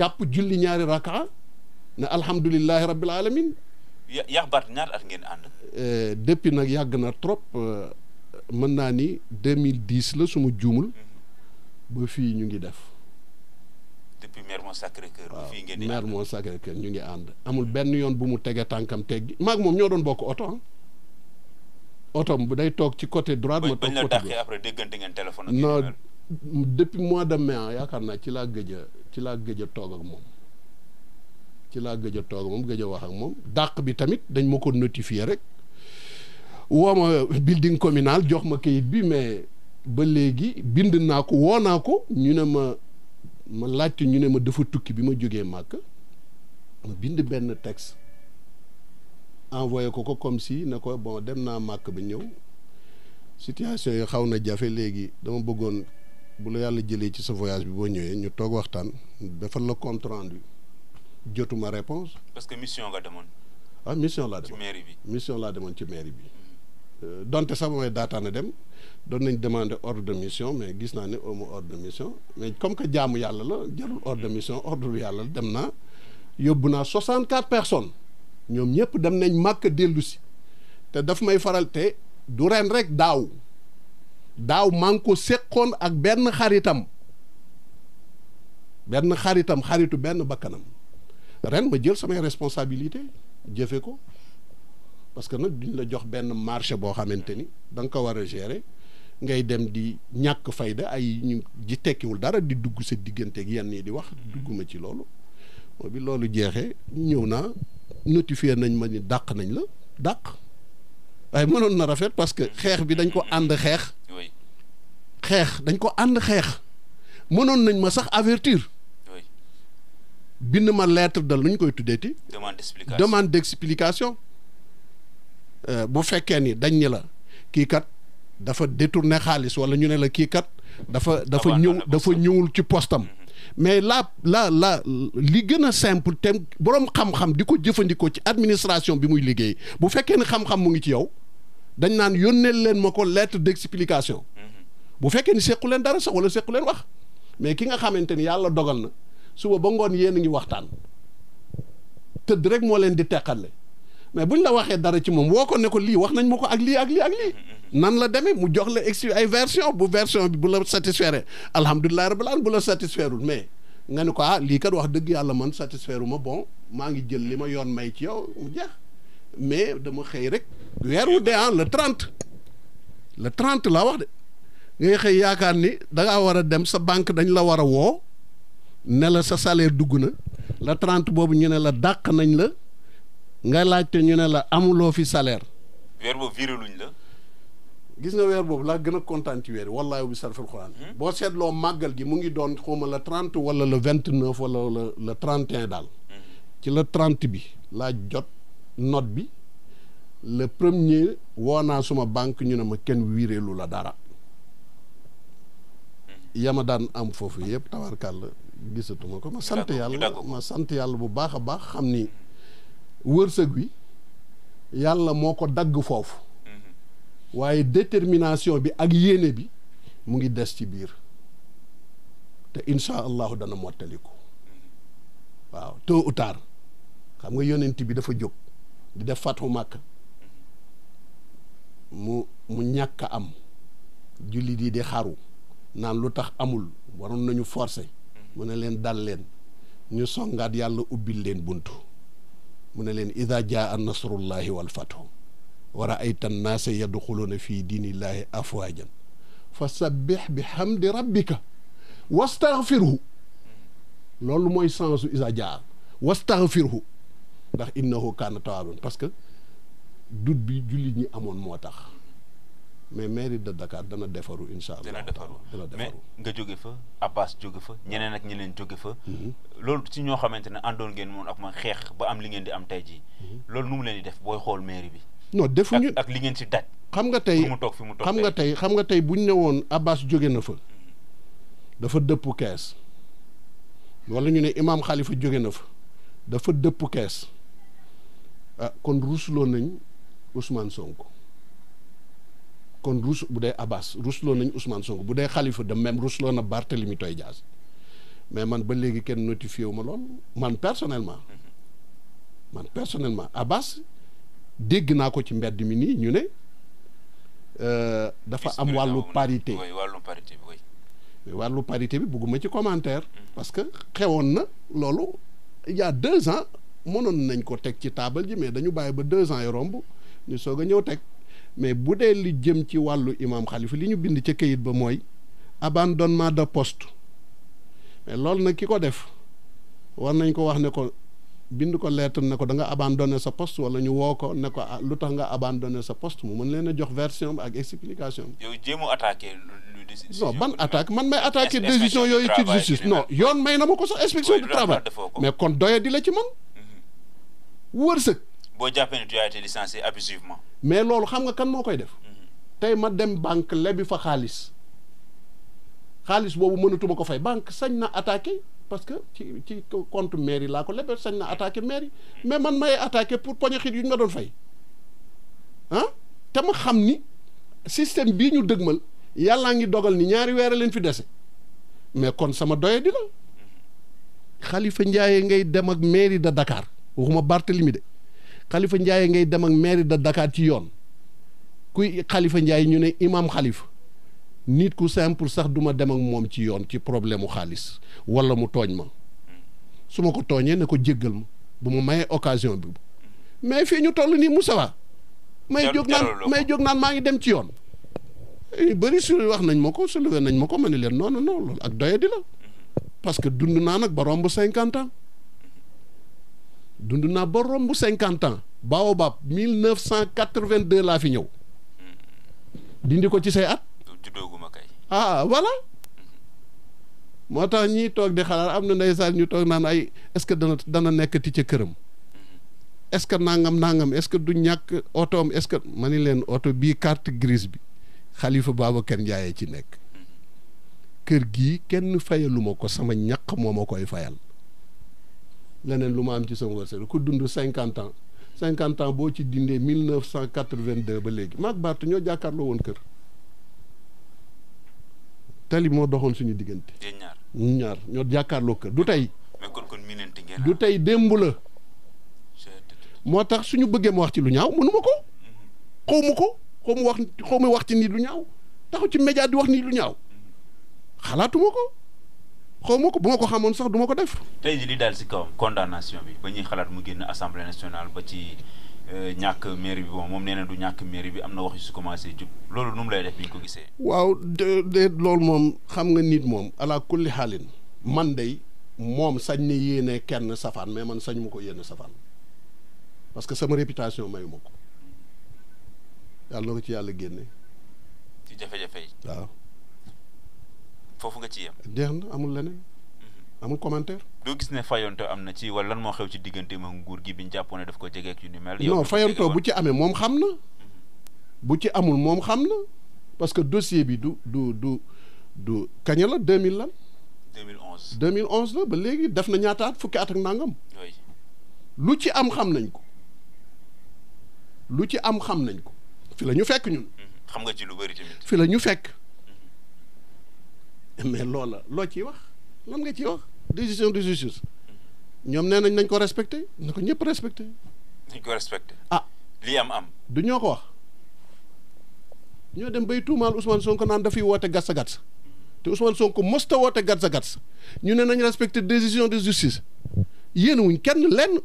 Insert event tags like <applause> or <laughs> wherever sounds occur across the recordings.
jàpp julli ñaari raka ne alhamdulilahi rabbil alamin yaa baat ñaar at ngeen ànd euh, depuis nag yàgg na trop euh, mën naa ni 2010 la suma juumul mhm. ba fii ñu ngi def depuis Mermoz Sacré-Cœur waaw Mermoz Sacré-Cœur ñu ngi ànd amul benn yoon bu mu tege tànkam teggi maag moom ñoo doon bokk oto ah. oto bu day toog ci côté droite ma toog côté gauche après déggante ngeen téléphone non depuis mois de mai ah, yaakaar naa ci laa gëj a ci laa gëj a toog ak moom ci laa gëj a toog ak moom gëj a wax ak moom dàq bi tamit dañ ma ko notifier rek woo ma building communal jox ma kayit bi mais ba léegi bind naa ko woo naa ko ñu ne ma ma laajte ñu ne ma dafa tukki bi ma jógee màkk ma bind benn texte envoyé ko ko comme si ne ko bon dem naa màkk ba ñëw situation yi xaw na jafe léegi dama bëggoon bu la yàlla jëlee ci sa voyage bi boo ñëwee ñu toog waxtaan defal la compte rendu jotuma réponse parce que mission nga demoon. Ah, mission laa demoon ci mairie bi mission laa demoon ci mairie bi. Hmm. Euh, donte sax mooy daataana dem doon nañ demander ordre de mission mais gis naa ne amu ordre de mission mais comme que jaamu yàlla la jarul ordre de hmm. mission ordre yàlla dem naa yóbbu naa 64 personnes ñoom ñëpp dem nañ màkk dellu si te daf may faral te du ren rek daaw. daaw maa ngi ko séqoon ak benn xaritam benn xaritam xaritu benn bakkanam ren ma jël samay responsabilité jëfe ko parce que nag duñ la jox benn marché boo xamante ni da nga ko war a gere ngay dem di ñàkk fayda ay ñu ji tekkiwul dara di dugg sa diggante ak yenn yi di wax dugguma ci loolu moo bi loolu jeexee ñëw naa notifié nañ ma ni dàq nañ la dàq waaye mënoon na rafet parce que xeex bi dañ ko ànd xeex xeex dañ ko ànd xeex mënoon nañ ma sax avertir bind ma lettre de lu ñu koy tuddeeti demande d'explication euh, bu fekkee ni dañ ni la kii kat dafa détourné xaalis wala ñu ne la kii kat dafa dafa ñëw dafa ñëwul ci postam mhm. mais la la la li gën a simple te boroom xam-xam di ko jëfandikoo ci administration bi muy liggéey bu fekkee ni xam-xam mu ngi ci yow dañ naan yónneel leen ma ko lettre d'explication mm-hmm. bu fekkee ni sequ leen dara sax wala sequ leen wax mais ki nga xamante ni yàlla dogal na suba ba ngoon yéen a ngi waxtaan tëdd rek moo leen di teqale mais bu buñ la waxee dara ci moom woo ko ne ko lii wax nañ ma ko ak lii ak lii ak lii mm-hmm. nan la demee mu jox la expliqué ay version bu version bi bu la satisfaire alhamdulilah rabbil alamin bu la satisfaireul mais nga ne ko ah lii kat wax dëgg yàlla man satisfaire ma bon maa ngi jël li ma yoon may ci yow mu dama xëy rek. weer wu de ah le 30 le 30 laa wax de ngay xëy yaakaar ni da ngaa war a dem sa banque dañ la war a woo ne la sa salaire dugg na la 30 boobu ñu ne la dàq nañ la nga laajte ñu ne la amuloo fi salaire. weer boobu viraluñ la. gis nga weer boobu laa gën a kontaan ci weer wallaahi bi sarfil xuraan hmm? boo seetloo màggal gi mu ngi doon xawma la trente wala le vingt neuf wala la le trente et daal. Hmm. ci la trente bi laaj jot note bi. le premier woo naa suma banque ñu ne ma kenn wiireelu la dara mhm. yama daan am foofu yëpp tabarkàlla gisatuma ko ma sant yàlla ma sant yàlla bu baax a baax xam ni wërsëg wi yàlla moo ko dagg foofu mhm. waaye détermination bi ak yéene bi mu ngi des ci biir te incha allahu dana mottaliku mhm. waaw tôt ou tard xam nga yonent bi dafa jóg di def fatu Màkka mu mu ñàkk am jullit yi di xaru naan lu tax amul waroon nañu forcer mu ne leen dal leen ñu songaat yàlla ubbil leen buntu mu ne leen ida jaa nasrullahi wal fatu wa raayta annaasa yadxuluuna fi diinillahi afwaajan fa sabbix bi hamdi rabbika wastaxfirhu loolu mooy sensu ida jaa wastaxfirhu ndax innahu kaana tawaaban parce dut bi jullit ñi amoon moo tax mais mairie de dakaar dana defaru incha allah dana defaru dana defaru mais nga jóge fa Abbas jóge fa ñeneen ak ñeneen jóge fa. Mm-hmm. loolu ci ñoo xamante ne àndoon ngeen moom ak ma xeex ba am li ngeen di am tey jii. Mm-hmm. loolu nu mu leen di def booy xool mairie bi. non defuñu ak li ngeen si daj. xam nga tey mu toog fi mu toog xam nga tey xam nga tey bu ñu ne woon Abbas jóge na fa. Mm-hmm. dafa dëpp kees. wala ñu ne imaam Khalifa jóge na fa. dafa dëpp kees. ah kon ruusuloo nañ Ousmane Sonko kon rus bu dee Abbas rusloo nañ Ousmane Sonko bu dee xalifa de même rusloo na Barthélemy Toye Dias mais man ba léegi kenn notifié wu ma man personnellement man personnellement Abbas dégg naa ko ci mbedd mi nii ñu ne euh, dafa am wàllu parité wàllu parité bi wàllu parité bi bugguma ci commentaire parce que xewoon na loolu il y a deux ans mënoon nañ ko teg ci taabal ji mais dañu bàyyi ba deux ans yi romb ñu soog a ñëw teg mais bu dee li jëm ci wàllu imaam xalifa li ñu bind ca kayit ba mooy abandonnement de post mais loolu nag ki ko def war nañ ko wax ne ko bind ko lettre ne ko danga abandone sa post wala ñu woo ko ne ko ah lu tax nga abandone sa post mu mën leen a jox version bi ak explication bi. yow jéem ban attaque man may attaqué décision yooyu ci justice non yoon may na ma ko sax inspection du travail mais kon doye di la ci man mhm. wërsëg boo jàppee ne tu as été mais loolu xam nga kan moo koy def. Mm-hmm. tey ma dem banque lebi fa xaalis xaalis boobu mënatuma ko fay banque sañ na attaqué parce que ci ci compte mairie laa ko lebe sañ na attaqué mairie mm-hmm. mais man may attaqué pour poñe xit yu ñu ma doon fay ah te ma xam ni système bii ñu dëgmal yàllaa ngi dogal ni ñaari weer leen fi dese mais kon sama doye di la mm-hmm. Khalifa Ndiaye ngay dem ak mairie de Dakar waxuma Barthélemy de. xalifa Ndiaye ngay dem ak mairie de dakaar ci yoon kuy xalifa Ndiaye ñu ne imaam xalifa nit ku simple sax duma dem ak moom ci yoon ci problème mu xaalis wala mu tooñ ma su ma ko tooñee ne ko jéggal ma bu ma mayee occasion bi mais fii ñu toll nii Moussa may jóg naan may jóg naan maa ngi dem ci yoon. yu bëri su wax nañ ma ko soulevé nañ ma ko ma ne leen noonu non non loolu ak doyadi la parce que dund naa nag ba romb cinquante ans. dund naa ba romb cinquante ans baobab mille neuf cent vingt deux laa fi ñëw dindi ko ci say at. juddooguma kay. Ah, moo tax ñii toog di xalaat am na ndeysaan ñu toog naan ay est-ce que dana dana nekkati ci këram. est-ce que nangam nangam est-ce que du ñàkk otoom est-ce que ma ni leen oto bii carte gris bi Xalifa kenn Ndiaye ci nekk. kër gii kenn fayaluma ko sama ñaq moo koy fayal. leneen lu ma am ci sama wërsëg ku dund cinquante ans cinquante ans boo ci dindee mille neuf cent quatre vingt ba léegi maag Bart ñoo jàkkaarloo woon kër tali moo doxoon suñu diggante. ñaar ñaar ñoo jàkkaarloo kër du tey. mais kon kon du tey démb la. moo tax suñu bëggee ma wax ci lu ñaaw mënuma ko. xaw ma ko mhm. xaw ma wax xaw ma wax ci nii lu ñaaw taxu ci média di wax nii lu ñaaw mhm. xalaatuma ko. xaw ma ko bu ma ko xamoon sax duma ko def. tey jii li daal si kawam condamnation bi ba ñuy xalaat mu génn assemblée nationale ba ci euh, ñàkk mairie bi bon moom nee du ñàkk mairie bi am na wax yu su commencé jub loolu nu mu lay def bi ñu ko gisee. waaw de de loolu moom xam nga nit moom ala kulli xaalin man day moom sañ na yéene kenn safaan mais man sañ ma ko yéene safaan parce que sama réputation mayu ma ko yàlla na ci yàlla génne. ci jafe-jafe yi waaw. foofu nga ci yem. jeex na amul leneen. Mhm. amul commentaire. doo gis ne fayonto am na ci wala lan moo xew ci diggante ma nguur gi bi ñu daf ko jege ak yu ni mel. non fayonto bu ci amee moom xam na. Mhm. bu ci amul moom xam na parce que dossier bi du du du du kañ la 2000 lan. 2011 2011 la ba léegi def na ñaata fukki at ak nangam. lu ci am xam nañ ko lu ci am xam nañ ko. fi la ñu fekk ñun. Mhm. xam nga ci lu bëri tamit. fi la ñu fekk. <laughs> mais loola loo ciy wax lan nga ciy wax décision de justice ñoom nee nañ nañ ko respecté na ko ñëpp respecté. nañ ah lii am am. du ñoo ko wax ñoo dem bay tuumaal Ousmane Sonko naan dafay woote gatsa gatsa te Ousmane Sonko mosta woote gatsa gatsa ñu ne nañ respecté décision de justice yéen wuñ kenn lenn.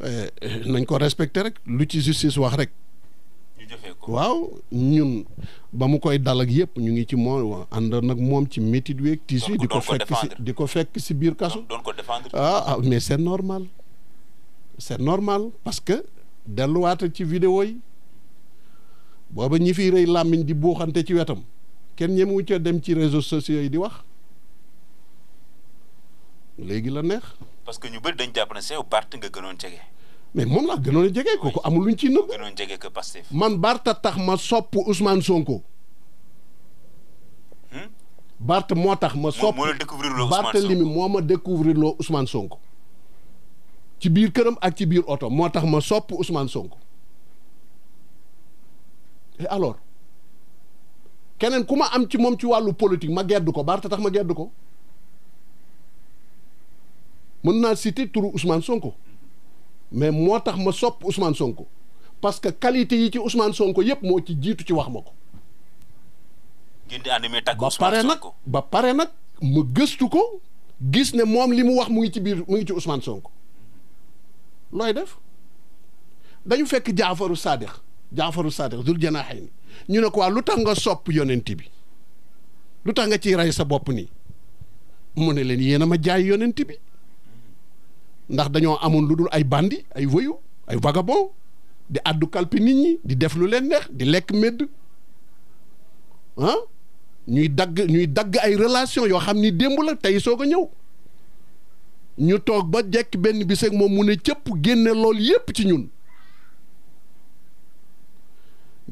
Eh, eh, nañ ko respecté rek lu ci justice wax rek waaw ñun ba mu koy dal ak yëpp ñu ngi ci moom ànd nag moom ci métit weeg tiisu di ko fekk si di ko fekk si biir kasu ah, ah mais c'est normal c'est normal parce que delluwaatal ci vidéo yi booba ñi fiy rey làmmiñ di buuxante ci wetam kenn ñemewu ca dem ci réseaux sociaux yi di wax léegi la neex parce que ñu bëri dañ jàpp ne sew Barth nga gënoon jege mais moom laa gënoon a jege kooku amul luñ ciy nëbb. gënoon jege ko Pastef. man Barta tax ma sopp usmaan Sonko. Hmm? Barta moo tax ma. sopp moo la découvrir loo Ousmane Barta limi moo ma découvrir loo Ousmane Sonko. ci biir këram ak ci biir oto moo tax ma sopp Ousmane Sonko. et alors keneen ku ma am ci moom ci wàllu politique ma gedd ko Barta tax ma gedd ko mën naa citer turu Ousmane Sonko. mais moo tax ma sopp Ousmane Sonko parce que qualité yi ci Ousmane Sonko yëpp moo ci jiitu ci wax ma ko. ngeen di animé tàggu ba pare nag mu gëstu ko gis ne moom li mu wax mu ngi ci biir mu ngi ci Ousmane Sonko looy def dañu fekk Jaafaru saadix Jaafaru Saadiq dul janaaxay ni ñu ne ko waa lu tax nga sopp yonent bi lu tax nga ciy rey sa bopp nii mu ne leen yéen a ma jaay yonent bi. ndax dañoo amoon lu dul ay bandi ay wëyu ay vagabond di àddu kalpi nit ñi di def lu leen neex di lekk medd ah, ñuy dagg ñuy dagg ay relation yoo xam ni démb la tey soog a ñëw ñu toog ba jekk benn bis moom mu ne cëpp génne lool yépp ci ñun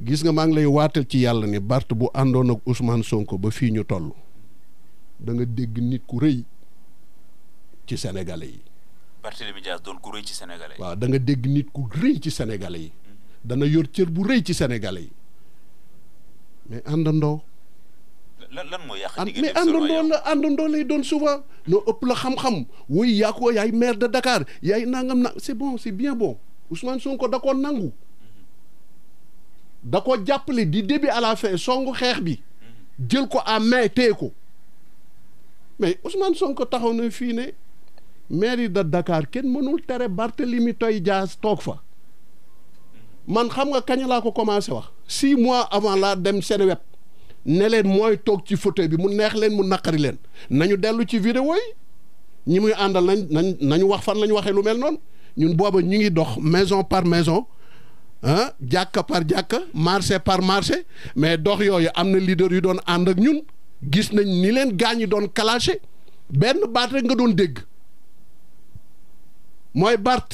gis nga maa ngi lay waatal ci yàlla ne Bart bu àndoon ak Ousmane Sonko ba fii ñu toll da dégg nit ku rëy ci sénégalais yi Barthélémy Dias doon waaw da dégg nit ku rëy ci sénégalais yi. dana yor cër bu rëy ci sénégalais yi mais àndandoo. lan lan àndandoo la àndandoo lay doon souvent. noo ëpp la xam-xam. woy yaa ko yaay de Dakar yaay nangam na c'est bon c'est bien bon Ousmane Sonko da koo nangu. da ko jàppale di début à songu xeex bi. Mm-hmm. jël ko à main téye ko mais Ousmane Sonko taxaw na fii ne. mairie de dakaar kenn mënul tere Barthélemy Toye Dias toog fa man xam nga kañ laa ko commencé wax six mois avant laa dem seen web ne leen mooy toog ci fauteuil bi mu neex leen mu naqari leen nañu dellu ci vidéo yi ñi muy àndal nañ nañ nañu wax fan la ñu waxee lu mel noon ñun booba ñu ngi dox maison par maison ah jàkka par jàkka marché par marché mais dox yooyu am na leader yu doon ànd ak ñun gis nañ ni leen gaañ yi doon clashé benn baat rek nga doon dégg mooy Bart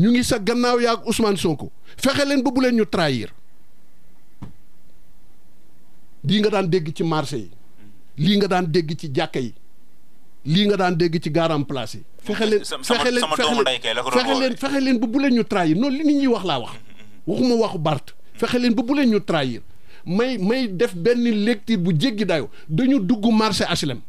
ñu ngi sa gannaaw yaag Ousmane Sonko fexe leen ba bu leen ñu trahir lii nga daan dégg ci marché yi lii nga daan dégg ci jàkk yi lii nga daan dégg ci garam place yi. fexe leen fexe leen fexe leen fexe leen ba bu leen ñu trahir noonu li nit ñi wax laa wax waxuma waxu Bart fexe leen ba buleen leen ñu trahir may may def benn lecture bu jéggi dayo dañu dugg marché HLM.